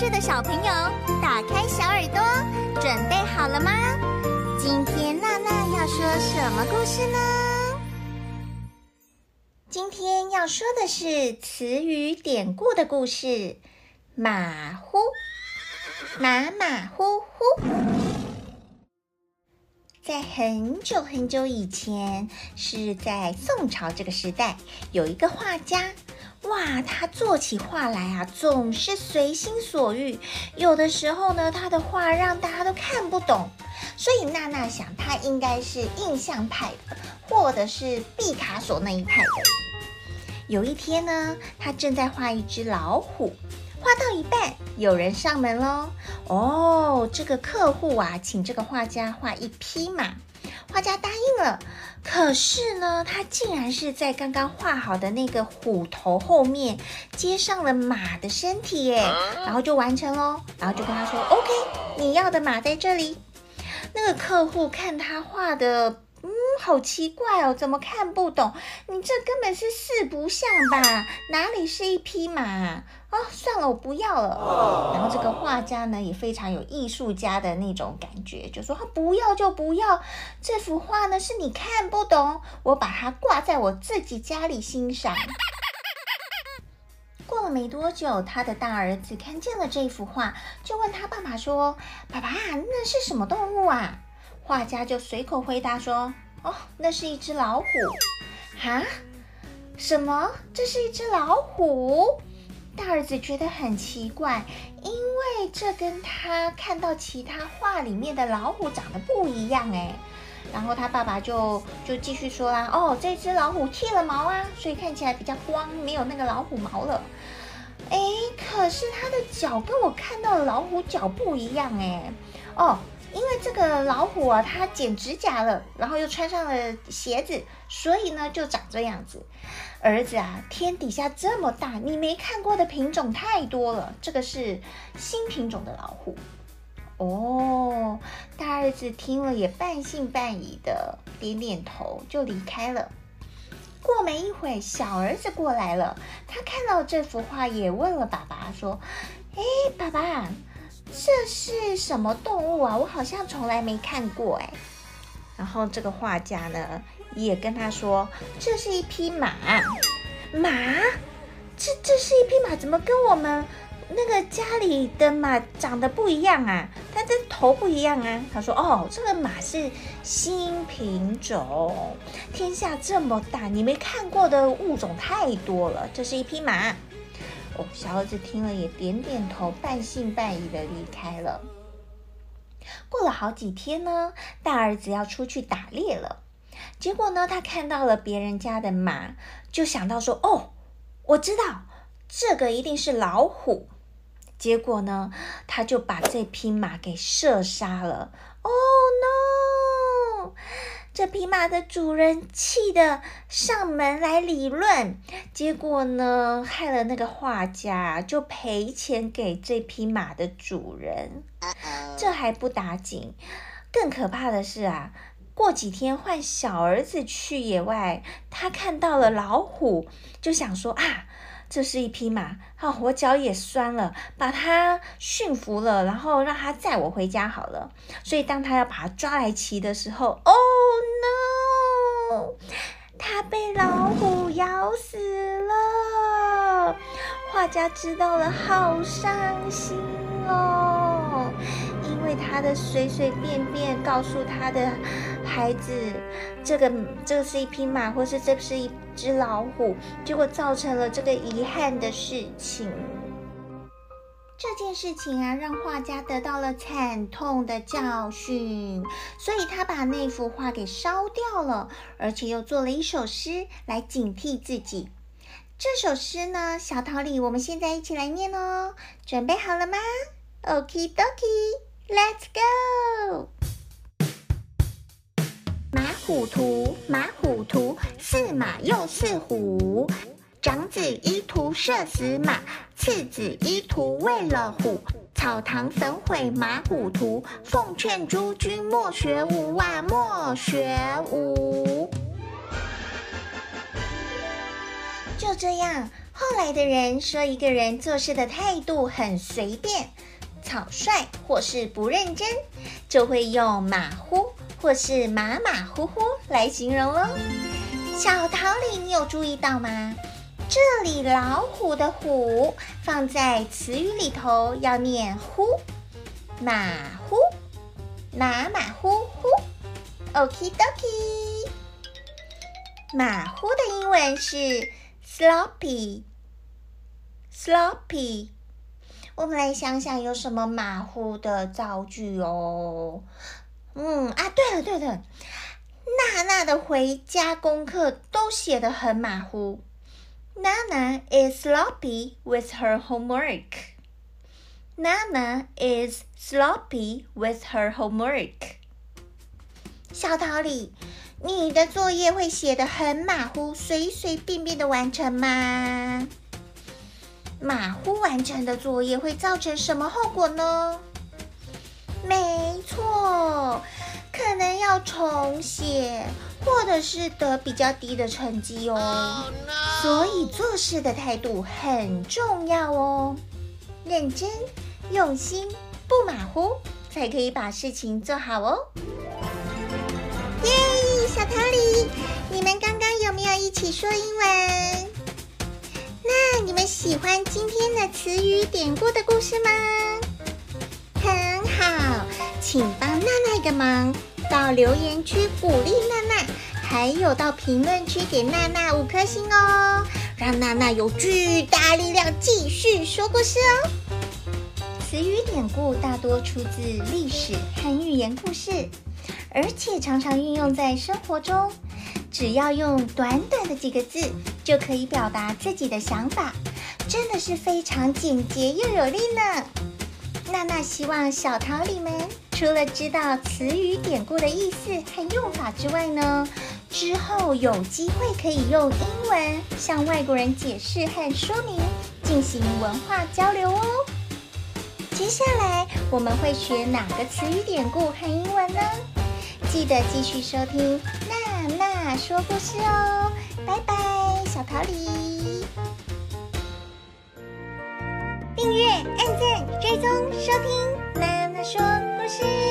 是的小朋友，打開小耳朵，準備好了嗎？今天娜娜要說什麼故事呢？今天要說的是詞語典故的故事，馬虎，馬馬虎虎。在很久很久以前，是在宋朝這個時代，有一個畫家。哇，他做起畫來啊，總是隨心所欲。有的時候呢，他的畫讓大家都看不懂。所以娜娜想，他應該是印象派的，或者是畢卡索那一派的。有一天呢，他正在畫一隻老虎，畫到一半，有人上門嘍。哦，這個客戶啊，請這個畫家畫一匹馬。畫家答應了，可是呢，他竟然是在剛剛畫好的那個虎頭後面接上了馬的身體耶，然後就完成咯，然後就跟他說：“OK，你要的馬在這裡。”那個客戶看他畫的。好奇怪哦，怎麼看不懂？你這根本是四不像吧？哪裡是一匹馬啊？哦，算了，我不要了。Oh. 然後這個畫家呢，也非常有藝術家的那種感覺，就說他不要就不要，這幅畫呢，是你看不懂，我把它掛在我自己家裡欣賞。 過了沒多久，他的大兒子看見了這幅畫，就問他爸爸說：“爸爸，那是什麼動物啊？”畫家就隨口回答說。哦，那是一隻老虎。哈？什麼？這是一隻老虎？大兒子覺得很奇怪，因為這跟他看到其他畫裡面的老虎長得不一樣哎。然後他爸爸就就繼續說啦，哦，這隻老虎剃了毛啊，所以看起來比較光，沒有那個老虎毛了。哎，可是他的腳跟我看到的老虎腳不一樣哎。哦。因為這個老虎啊，它剪指甲了，然後又穿上了鞋子，所以呢就長這樣子。兒子啊，天底下這麼大，你沒看過的品種太多了。這個是新品種的老虎哦。大兒子聽了也半信半疑的，點點頭就離開了。過沒一會，小兒子過來了，他看到這幅畫也問了爸爸說：“誒，爸爸。”這是什麼動物啊？我好像從來沒看過哎。然後這個畫家呢，也跟他說，這是一匹馬。馬？這這是一匹馬？怎麼跟我們那個家裡的馬長得不一樣啊？它的頭不一樣啊？他說，哦，這個馬是新品種。天下這麼大，你沒看過的物種太多了。這是一匹馬。哦，小兒子聽了也點點頭，半信半疑的離開了。過了好幾天呢，大兒子要出去打獵了，結果呢，他看到了別人家的馬，就想到說：“哦，我知道這個一定是老虎。”結果呢，他就把這匹馬給射殺了。哦 no！這匹馬的主人氣得上門來理論，結果呢，害了那個畫家，就賠錢給這匹馬的主人。這還不打緊，更可怕的是啊，過幾天換小兒子去野外，他看到了老虎，就想說啊。這是一匹馬，好、哦，我腳也酸了，把它馴服了，然後讓它載我回家好了。所以當他要把它抓來騎的時候，Oh no！它被老虎咬死了，畫家知道了，好傷心哦。為他的隨隨便便告訴他的孩子，這個這個是一匹馬，或是這是一只老虎，結果造成了這個遺憾的事情。這件事情啊，讓畫家得到了慘痛的教訓，所以他把那幅畫給燒掉了，而且又做了一首詩來警惕自己。這首詩呢，小桃李，我們現在一起來念哦，準備好了嗎？Okay dokey。Let's go。馬虎圖，馬虎圖，似馬又似虎。長子依圖射死馬，次子依圖餵了虎。草堂焚毀馬虎圖，奉勸諸君莫學吾，啊，莫學吾。就這樣，後來的人說，一個人做事的態度很隨便。草率或是不認真，就會用馬虎或是馬馬虎虎來形容哦。小桃李，你有注意到嗎？這裡老虎的虎放在詞語裡頭要念呼，馬虎、馬馬虎虎。Okie Dokie。馬虎的英文是 sloppy，sloppy sloppy.。我們來想想有什麼馬虎的造句哦。嗯啊，對了對了，娜娜的回家功課都寫得很馬虎。NaNa is sloppy with her homework. NaNa is sloppy with her homework. 小桃李，你的作業會寫得很馬虎，隨隨便便的完成嗎？馬虎完成的作業會造成什麼後果呢？沒錯，可能要重寫，或者是得比較低的成績哦。Oh, no. 所以做事的態度很重要哦，認真、用心、不馬虎，才可以把事情做好哦。耶，yeah，小桃李，你們剛剛有沒有一起說英文？那你們喜歡今天的詞語典故的故事嗎？很好，請幫娜娜一個忙，到留言區鼓勵娜娜，還有到評論區給娜娜五顆星哦，讓娜娜有巨大力量繼續說故事哦。詞語典故大多出自歷史和寓言故事，而且常常運用在生活中。只要用短短的幾個字就可以表達自己的想法，真的是非常簡潔又有力呢。娜娜希望小桃李們除了知道詞語典故的意思和用法之外呢，之後有機會可以用英文向外國人解釋和說明，進行文化交流哦。接下來我們會學哪個詞語典故和英文呢？記得繼續收聽。媽媽說故事哦，拜拜，小桃李。訂閱、按鍵、追蹤、收聽，媽媽說故事。